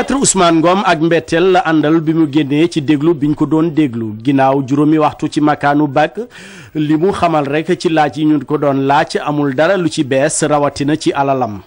Maître Ousmane Ngom ak mbetteel la àndal bi mu génnee ci déglu biñ ko doon déglu ginnaaw juróomi waxtu ci makaanu bàkk li mu xamal rek ci laaj yi ñu ko doon laaj amul dara lu ci bees rawatina ci alalam